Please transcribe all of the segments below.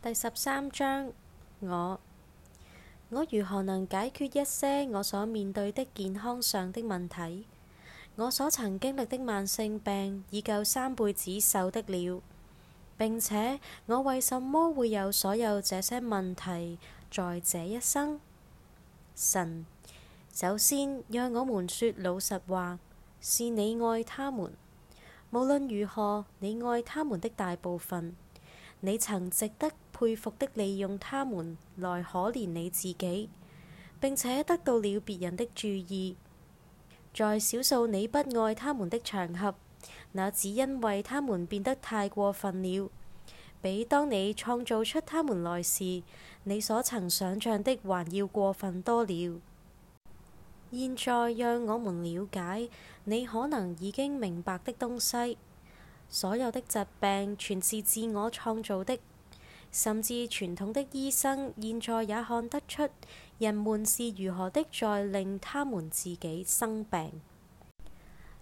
第十三章，我我如何能解決一些我所面對的健康上的問題？我所曾經歷的慢性病已夠三輩子受的了，並且我為什麼會有所有這些問題在這一生？神，首先讓我們說老實話，是你愛他們。無論如何，你愛他們的大部分，你曾值得。佩服的利用他們來可憐你自己，並且得到了別人的注意。在少數你不愛他們的場合，那只因為他們變得太過分了，比當你創造出他們來時，你所曾想象的還要過分多了。現在，讓我們了解你可能已經明白的東西：所有的疾病全是自我創造的。甚至傳統的醫生現在也看得出人們是如何的在令他們自己生病。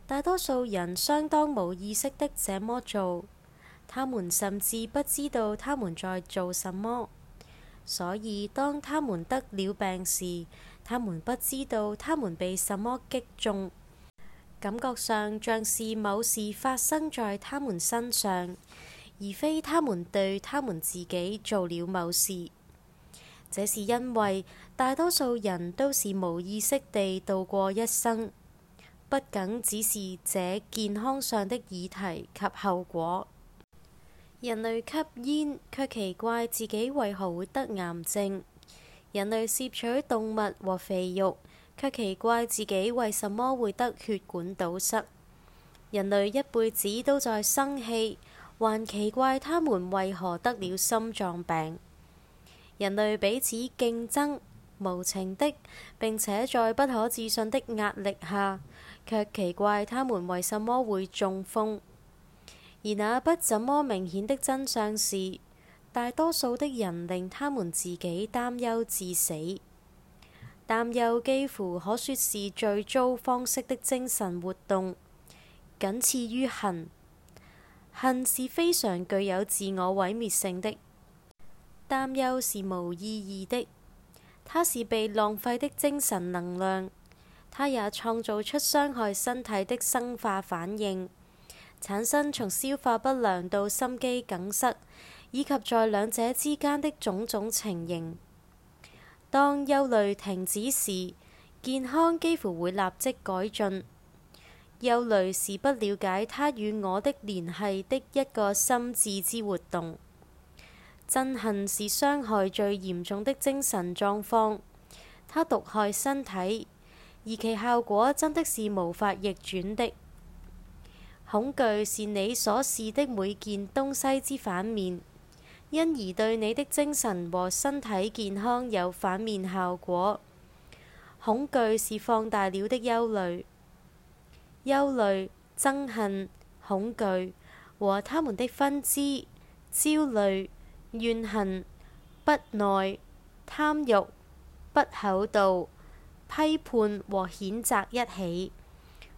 大多數人相當無意識的這麼做，他們甚至不知道他們在做什麼。所以當他們得了病時，他們不知道他們被什麼擊中，感覺上像是某事發生在他們身上。而非他們對他們自己做了某事，這是因為大多數人都是無意識地度過一生。不僅只是這健康上的議題及後果，人類吸煙卻奇怪自己為何會得癌症；人類攝取動物和肥肉卻奇怪自己為什麼會得血管堵塞。人類一輩子都在生氣。還奇怪他們為何得了心臟病。人類彼此競爭，無情的，並且在不可置信的壓力下，卻奇怪他們為什麼會中風。而那不怎麼明顯的真相是，大多數的人令他們自己擔憂致死，擔憂幾乎可說是最糟方式的精神活動，僅次於恨。恨是非常具有自我毀滅性的，擔憂是無意義的，它是被浪費的精神能量，它也創造出傷害身體的生化反應，產生從消化不良到心肌梗塞，以及在兩者之間的種種情形。當憂慮停止時，健康幾乎會立即改進。憂慮是不了解他與我的聯繫的一個心智之活動。憎恨是傷害最嚴重的精神狀況，它毒害身體，而其效果真的是無法逆轉的。恐懼是你所視的每件東西之反面，因而對你的精神和身體健康有反面效果。恐懼是放大了的憂慮。憂慮、憎恨、恐懼和他們的分支、焦慮、怨恨、不耐、貪欲、不厚道、批判和譴責一起，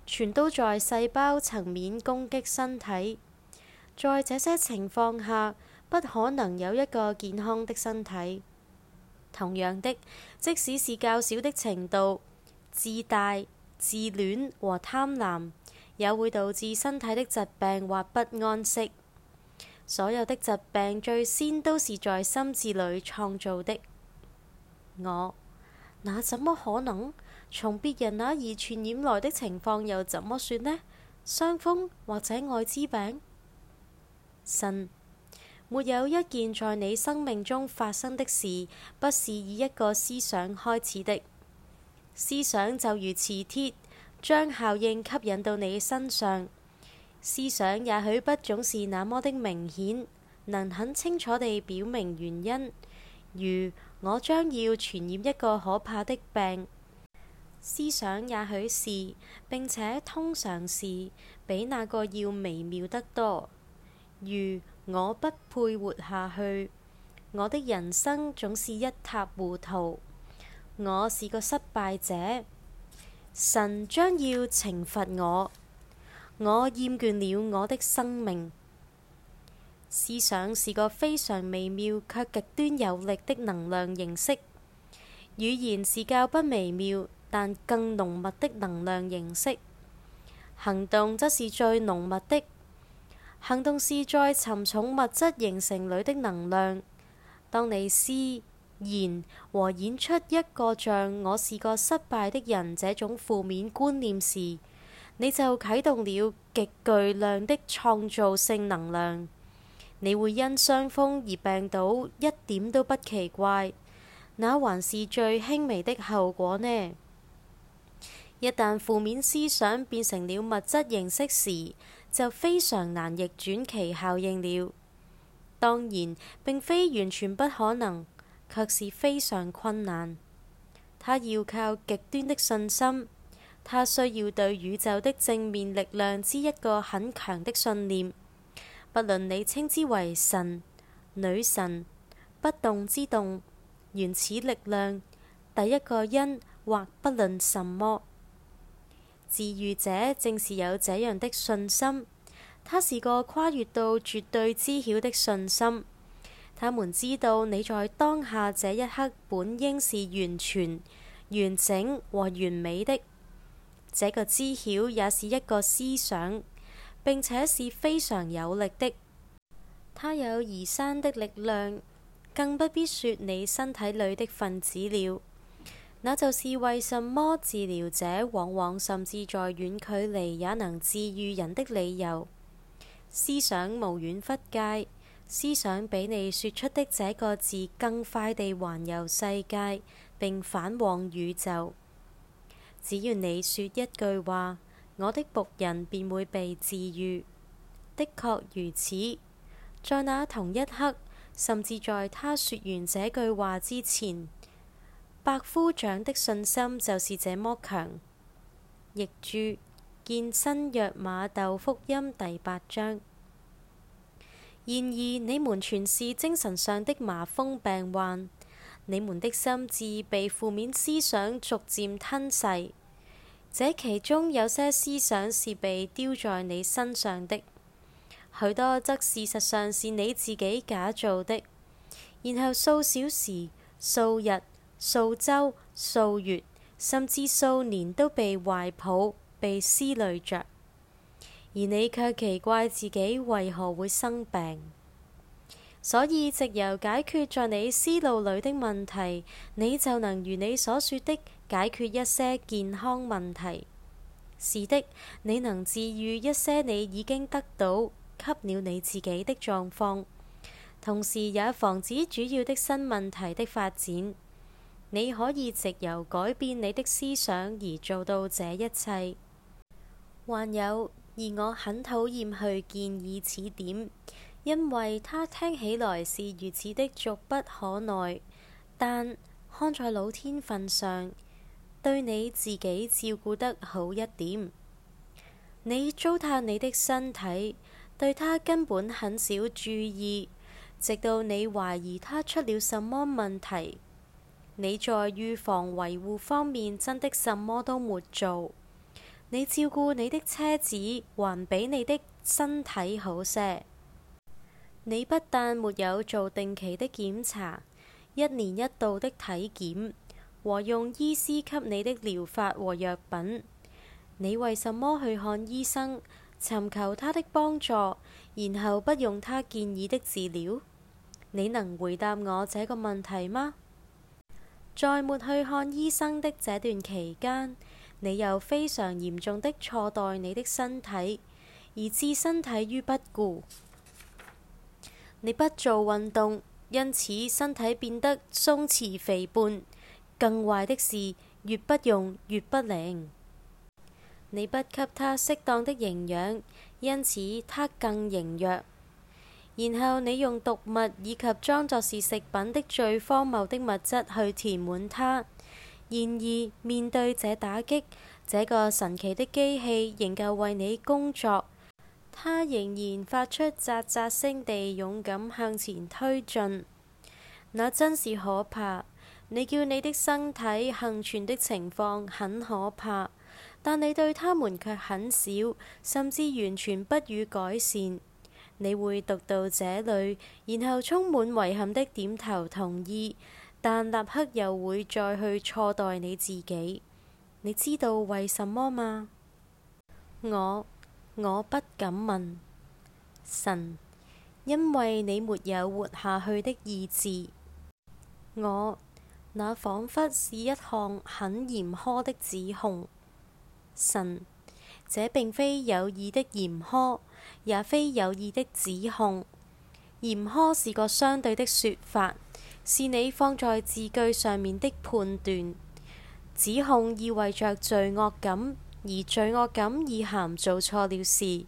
全都在細胞層面攻擊身體。在這些情況下，不可能有一個健康的身體。同樣的，即使是較少的程度，自大。自戀和貪婪也會導致身體的疾病或不安息。所有的疾病最先都是在心智裏創造的。我，那怎麼可能？從別人那而傳染來的情況又怎麼說呢？傷風或者愛滋病？神，沒有一件在你生命中發生的事不是以一個思想開始的。思想就如磁鐵，將效應吸引到你身上。思想也許不總是那麼的明顯，能很清楚地表明原因。如我將要傳染一個可怕的病。思想也許是，並且通常是比那個要微妙得多。如我不配活下去，我的人生總是一塌糊塗。我是個失敗者，神將要懲罰我。我厭倦了我的生命。思想是個非常微妙卻極端有力的能量形式，語言是較不微妙但更濃密的能量形式，行動則是最濃密的。行動是在沉重物質形成裏的能量。當你思言和演出一個像我是個失敗的人這種負面觀念時，你就啟動了極具量的創造性能量。你會因傷風而病倒，一點都不奇怪。那還是最輕微的後果呢。一旦負面思想變成了物質形式時，就非常難逆轉其效應了。當然，並非完全不可能。卻是非常困難。他要靠極端的信心，他需要對宇宙的正面力量之一個很強的信念，不論你稱之為神、女神、不動之動、原始力量、第一個因或不論什麼，治愈者正是有這樣的信心。他是一個跨越到絕對知曉的信心。他們知道你在當下這一刻本應是完全完整和完美的。這個知曉也是一個思想，並且是非常有力的。它有移山的力量，更不必說你身體裏的分子了。那就是為什麼治療者往往甚至在遠距離也能治愈人的理由。思想無遠弗屆。思想比你說出的這個字更快地環遊世界，並返往宇宙。只要你說一句話，我的僕人便會被治愈。的確如此，在那同一刻，甚至在他說完這句話之前，百夫長的信心就是這麼強。譯註：《見新約馬竇福音》第八章。然而，你們全是精神上的麻風病患，你們的心智被負面思想逐漸吞噬。這其中有些思想是被丟在你身上的，許多則事實上是你自己假造的。然後數小時、數日、數周、數月，甚至數年都被懷抱、被思慮着。而你卻奇怪自己為何會生病，所以藉由解決在你思路裡的問題，你就能如你所說的解決一些健康問題。是的，你能治癒一些你已經得到給了你自己的狀況，同時也防止主要的新問題的發展。你可以藉由改變你的思想而做到這一切。還有。而我很討厭去建議此點，因為它聽起來是如此的俗不可耐，但看在老天份上，對你自己照顧得好一點。你糟蹋你的身體，對它根本很少注意，直到你懷疑它出了什麼問題，你在預防維護方面真的什麼都沒做。你照顧你的車子，還比你的身體好些。你不但沒有做定期的檢查、一年一度的體檢和用醫師給你的療法和藥品，你為什麼去看醫生，尋求他的幫助，然後不用他建議的治療？你能回答我這個問題嗎？在沒去看醫生的這段期間，你又非常嚴重地錯待你的身體，而置身體於不顧。你不做運動，因此身體變得鬆弛肥胖。更壞的是，越不用越不靈。你不給它適當的營養，因此它更羸弱。然後你用毒物以及裝作是食品的最荒謬的物質去填滿它。然而，面對這打擊，這個神奇的機器仍舊為你工作，它仍然發出喳喳聲地勇敢向前推進。那真是可怕！你叫你的身體幸存的情況很可怕，但你對他們卻很少，甚至完全不予改善。你會讀到這裏，然後充滿遺憾的點頭同意。但立刻又會再去錯待你自己，你知道為什麼嗎？我，我不敢問。神，因為你沒有活下去的意志。我，那仿佛是一項很嚴苛的指控。神，這並非有意的嚴苛，也非有意的指控。嚴苛是個相對的說法。是你放在字句上面的判斷指控，意味着罪惡感，而罪惡感意涵做錯了事。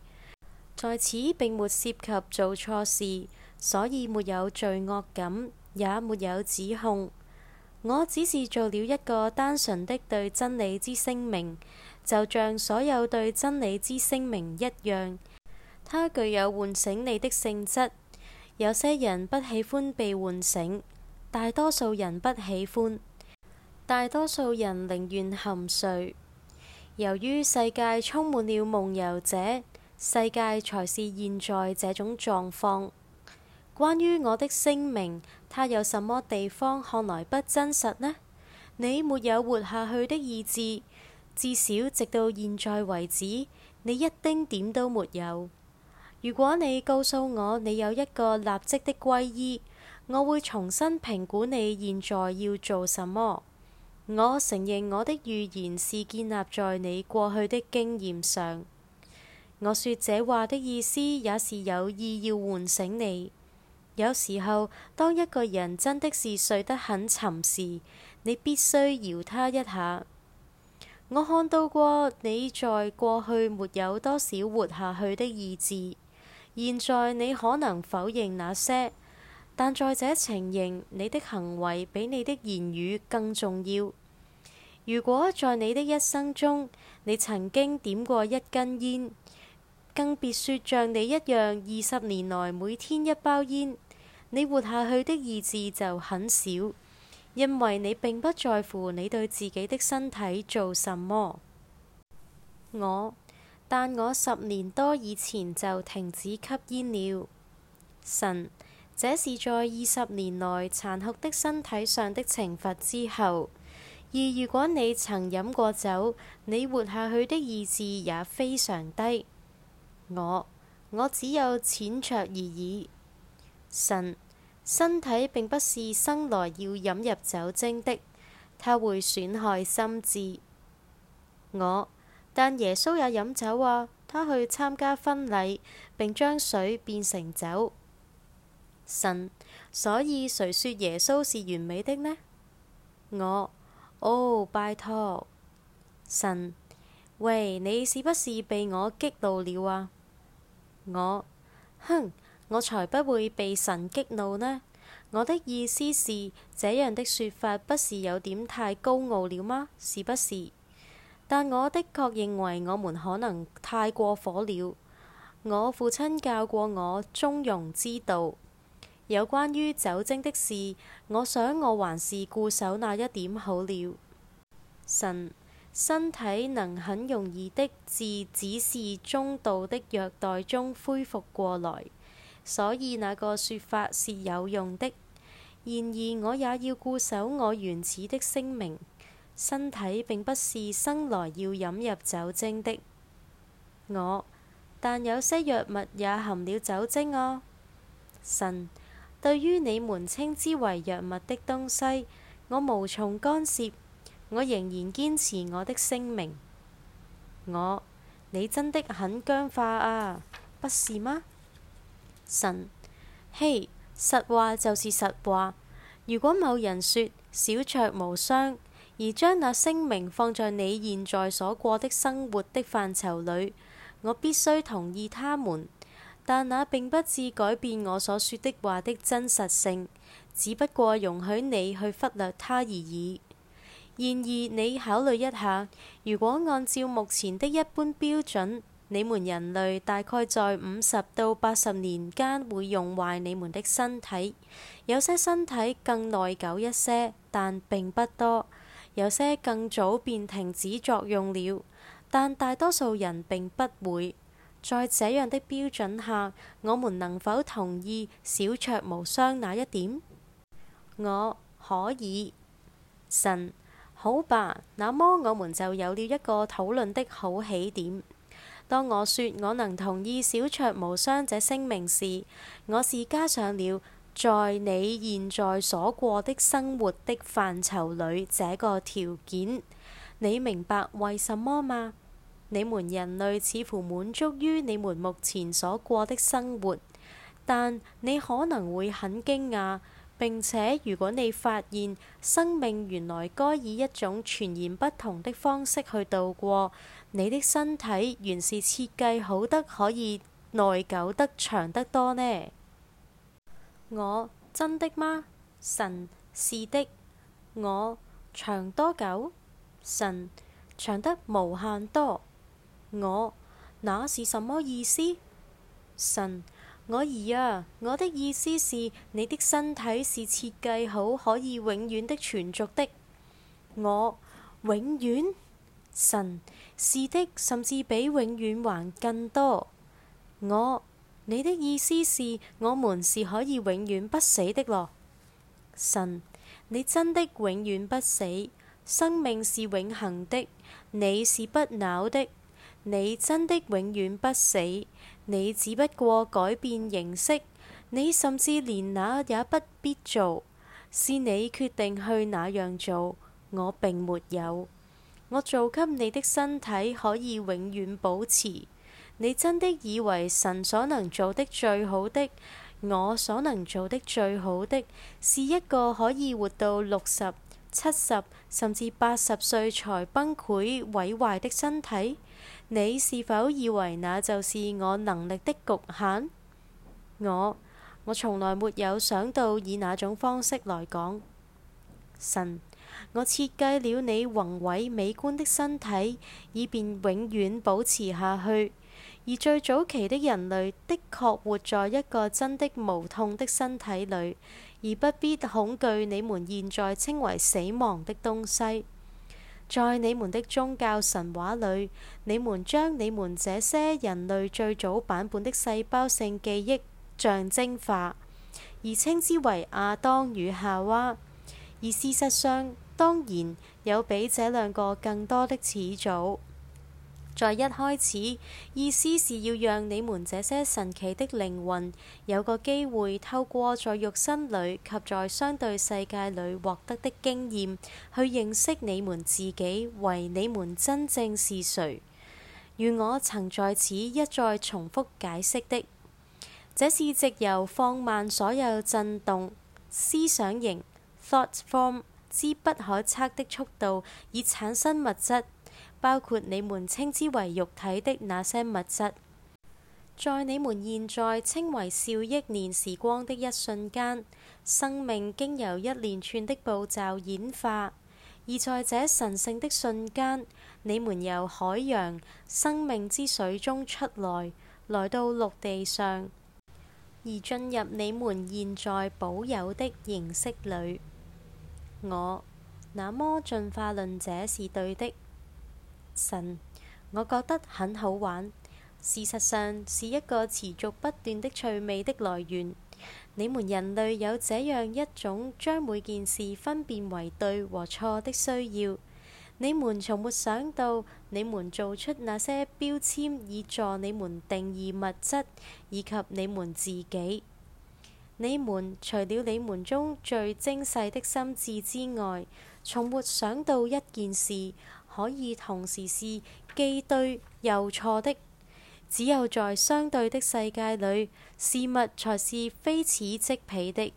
在此並沒涉及做錯事，所以沒有罪惡感，也沒有指控。我只是做了一個單純的對真理之聲明，就像所有對真理之聲明一樣，它具有喚醒你的性質。有些人不喜歡被喚醒。大多數人不喜歡，大多數人寧願酣睡。由於世界充滿了夢遊者，世界才是現在這種狀況。關於我的聲明，它有什麼地方看來不真實呢？你沒有活下去的意志，至少直到現在為止，你一丁點都沒有。如果你告訴我你有一個立即的皈依，我會重新評估你現在要做什麼。我承認我的預言是建立在你過去的經驗上。我說這話的意思也是有意要喚醒你。有時候，當一個人真的是睡得很沉時，你必須搖他一下。我看到過你在過去沒有多少活下去的意志。現在你可能否認那些。但在這情形，你的行為比你的言語更重要。如果在你的一生中，你曾經點過一根煙，更別說像你一樣二十年來每天一包煙，你活下去的意志就很少，因為你並不在乎你對自己的身體做什麼。我，但我十年多以前就停止吸煙了。神，這是在二十年來殘酷的身體上的懲罰之後，而如果你曾飲過酒，你活下去的意志也非常低。我，我只有淺酌而已。神，身體並不是生來要飲入酒精的，它會損害心智。我，但耶穌也飲酒啊，他去參加婚禮，並將水變成酒。神，所以誰說耶穌是完美的呢？我哦，拜託，神，喂，你是不是被我激怒了啊？我，哼，我才不會被神激怒呢。我的意思是，這樣的說法不是有點太高傲了嗎？是不是？但我的確認為我們可能太過火了。我父親教過我中庸之道。有關於酒精的事，我想我還是固守那一點好了。神，身體能很容易的自只是中度的虐待中恢復過來，所以那個說法是有用的。然而，我也要固守我原始的聲明：身體並不是生來要飲入酒精的。我，但有些藥物也含了酒精哦。神。對於你們稱之為藥物的東西，我無從干涉。我仍然堅持我的聲明。我，你真的很僵化啊，不是嗎？神，嘿，實話就是實話。如果某人說小酌無傷，而將那聲明放在你現在所過的生活的範疇裡，我必須同意他們。但那並不至改變我所說的話的真實性，只不過容許你去忽略它而已。然而，你考慮一下，如果按照目前的一般標準，你們人類大概在五十到八十年間會用壞你們的身體。有些身體更耐久一些，但並不多，有些更早便停止作用了，但大多數人並不會。在這樣的標準下，我們能否同意小酌無傷那一點？我可以。神，好吧，那麼我們就有了一個討論的好起點。當我說我能同意小酌無傷這聲明時，我是加上了在你現在所過的生活的範疇裏這個條件。你明白為什麼嗎？你們人類似乎滿足於你們目前所過的生活，但你可能會很驚訝。並且，如果你發現生命原來該以一種全然不同的方式去度過，你的身體原是設計好得可以耐久得長得多呢？我真的嗎？神，是的。我長多久？神，長得無限多。我那是什麼意思？神，我兒啊，我的意思是你的身體是設計好可以永遠的存續的。我永遠？神，是的，甚至比永遠還更多。我你的意思是，我們是可以永遠不死的咯？神，你真的永遠不死，生命是永恆的，你是不朽的。你真的永遠不死，你只不過改變形式，你甚至連那也不必做，是你決定去那樣做，我並沒有。我做給你的身體可以永遠保持。你真的以為神所能做的最好的，我所能做的最好的，是一個可以活到六十、七十甚至八十歲才崩潰毀壞的身體？你是否以為那就是我能力的局限？我我從來沒有想到以那種方式來講。神，我設計了你宏偉美觀的身體，以便永遠保持下去。而最早期的人類的確活在一個真的無痛的身體裏，而不必恐懼你們現在稱為死亡的東西。在你們的宗教神話裏，你們將你們這些人類最早版本的細胞性記憶象徵化，而稱之為亞當與夏娃。而事實上，當然有比這兩個更多的始祖。在一開始，意思是要讓你們這些神奇的靈魂有個機會透過在肉身裏及在相對世界裏獲得的經驗去認識你們自己為你們真正是誰。如我曾在此一再重複解釋的，這是藉由放慢所有震動思想型 thought form 之不可測的速度，以產生物質。包括你們稱之為肉體的那些物質，在你們現在稱為兆億年時光的一瞬間，生命經由一連串的步驟演化，而在這神聖的瞬間，你們由海洋生命之水中出來，來到陸地上，而進入你們現在保有的形式裏。我，那麼進化論者是對的。神，我覺得很好玩。事實上，是一個持續不斷的趣味的來源。你們人類有這樣一種將每件事分辨為對和錯的需要。你們從沒想到，你們做出那些標籤，以助你們定義物質以及你們自己。你們除了你們中最精細的心智之外，從沒想到一件事。可以同時是既對又錯的，只有在相對的世界裏，事物才是非此即彼的。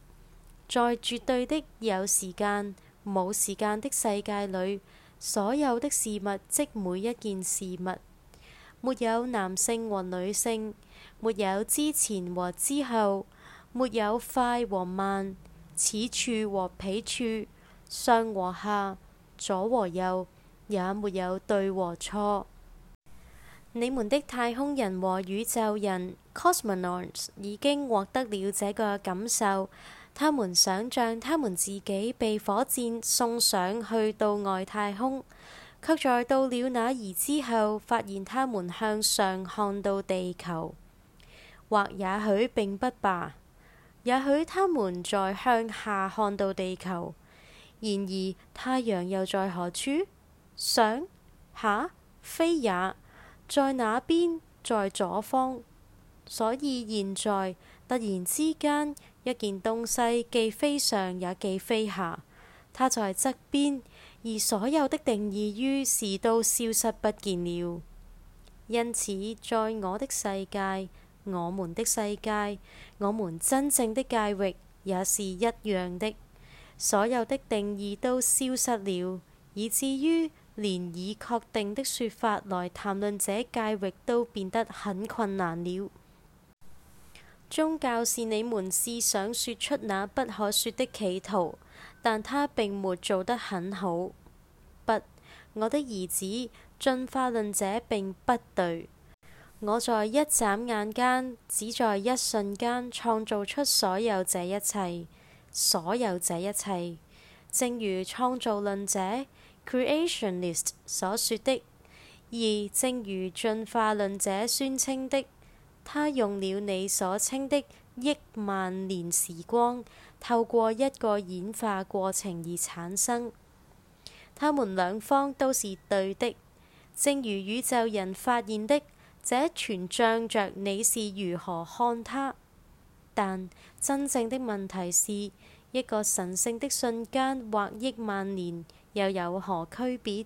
在絕對的有時間、冇時間的世界裡，所有的事物即每一件事物，沒有男性和女性，沒有之前和之後，沒有快和慢，此處和彼處，上和下，左和右。也沒有對和錯。你們的太空人和宇宙人 cosmonauts 已經獲得了這個感受。他們想象他們自己被火箭送上去到外太空，卻在到了那兒之後發現他們向上看到地球，或也許並不吧。也許他們在向下看到地球。然而太陽又在何處？上下非也，在哪邊？在左方。所以現在突然之間，一件東西既非上也既非下，它在側邊，而所有的定義於是都消失不見了。因此，在我的世界、我們的世界、我們真正的界域也是一樣的，所有的定義都消失了，以至於。連以確定的說法來談論這界域都變得很困難了。宗教是你們試圖說出那不可說的企圖，但他並沒做得很好。不，我的兒子進化論者並不對。我在一眨眼間，只在一瞬間，創造出所有這一切，所有這一切，正如創造論者。Creationist 所說的，而正如進化論者宣稱的，他用了你所稱的億萬年時光，透過一個演化過程而產生。他們兩方都是對的，正如宇宙人發現的，這全仗著你是如何看它。但真正的問題是一個神聖的瞬間或億萬年，又有何區別？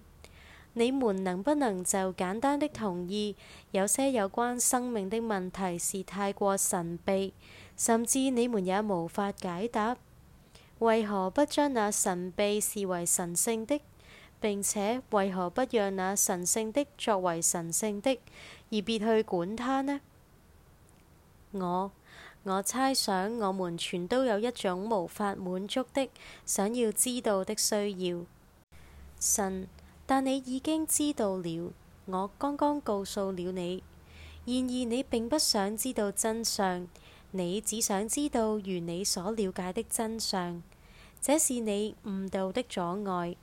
你們能不能就簡單的同意，有些有關生命的問題是太過神秘，甚至你們也無法解答。為何不將那神秘視為神聖的？並且為何不讓那神聖的作為神聖的，而別去管它呢？我我猜想，我們全都有一種無法滿足的，想要知道的需要。神，但你已經知道了，我剛剛告訴了你。然而，你並不想知道真相，你只想知道如你所了解的真相。這是你誤導的阻礙。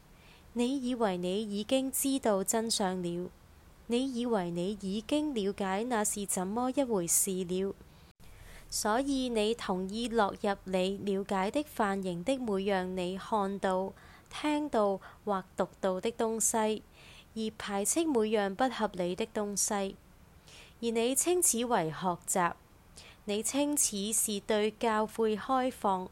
你以為你已經知道真相了，你以為你已經了解那是怎麼一回事了，所以你同意落入你了解的範型的每樣你，你看到，聽到或讀到的東西，而排斥每樣不合理的東西，而你稱此為學習，你稱此是對教會開放。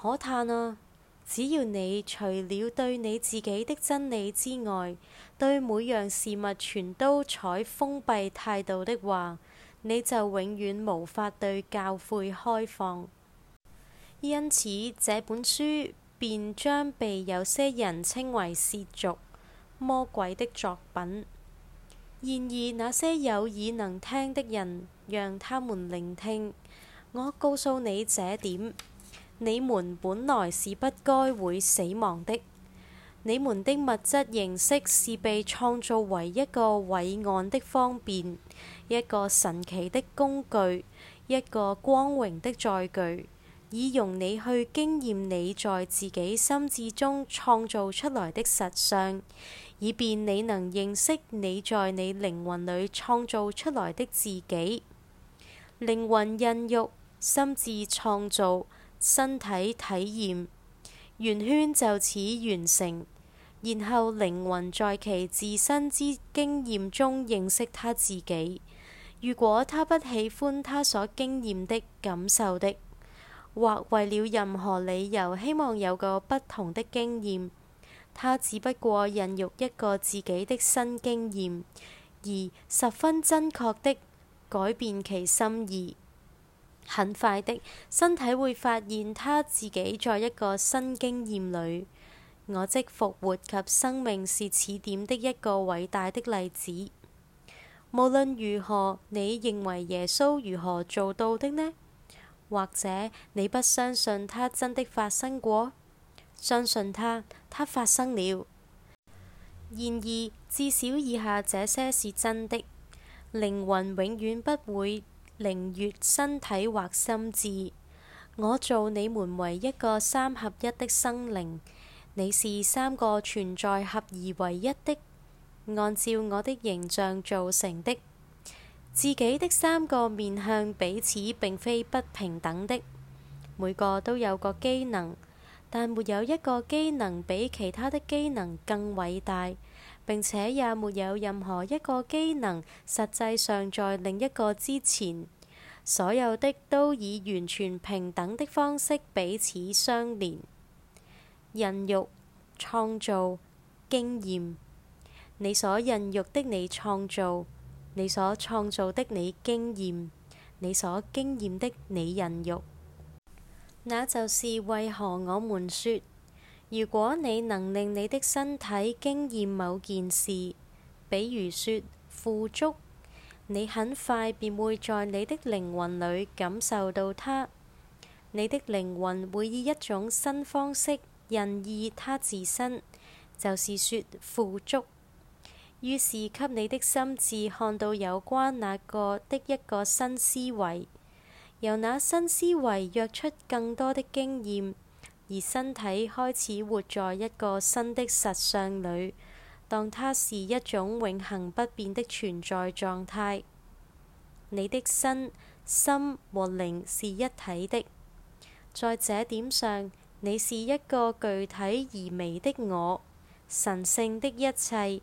可嘆啊！只要你除了對你自己的真理之外，對每樣事物全都採封閉態度的話，你就永遠無法對教會開放。因此，這本書。便將被有些人稱為邪俗魔鬼的作品。然而那些有耳能聽的人，讓他們聆聽。我告訴你這點：你們本來是不該會死亡的。你們的物質形式是被創造為一個偉岸的方便，一個神奇的工具，一個光榮的載具。以容你去經驗你在自己心智中創造出來的實相，以便你能認識你在你靈魂裏創造出來的自己。靈魂孕育，心智創造，身體體驗，圓圈就此完成。然後靈魂在其自身之經驗中認識他自己。如果他不喜歡他所經驗的感受的。或為了任何理由，希望有個不同的經驗。他只不過孕育一個自己的新經驗，而十分真確的改變其心意。很快的，身體會發現他自己在一個新經驗裏。我即復活及生命是此點的一個偉大的例子。無論如何，你認為耶穌如何做到的呢？或者你不相信它真的發生過，相信它，它發生了。然而，至少以下這些是真的：靈魂永遠不會凌越身體或心智。我做你們為一個三合一的生靈，你是三個存在合而為一的，按照我的形象造成的。自己的三個面向彼此並非不平等的，每個都有個機能，但沒有一個機能比其他的機能更偉大。並且也沒有任何一個機能實際上在另一個之前。所有的都以完全平等的方式彼此相連。孕育、創造、經驗，你所孕育的，你創造。你所創造的你經驗，你所經驗的你人肉，那就是為何我們說，如果你能令你的身體經驗某件事，比如說富足，你很快便會在你的靈魂裏感受到它。你的靈魂會以一種新方式印意它自身，就是說富足。於是給你的心智看到有關那個的一個新思維，由那新思維躍出更多的經驗，而身體開始活在一個新的實相裡，當它是一種永恆不變的存在狀態。你的身、心和靈是一體的，在這點上，你是一個具體而微的我，神性的一切。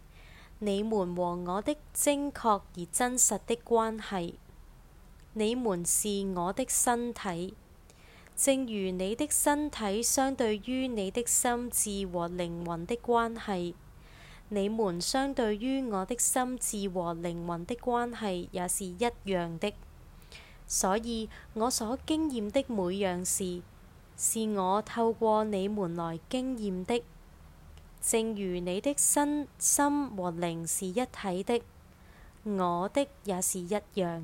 你們和我的精確而真實的關係，你們是我的身體，正如你的身體相對於你的心智和靈魂的關係，你們相對於我的心智和靈魂的關係也是一樣的。所以，我所經驗的每樣事，是我透過你們來經驗的。正如你的身心和靈是一體的，我的也是一樣。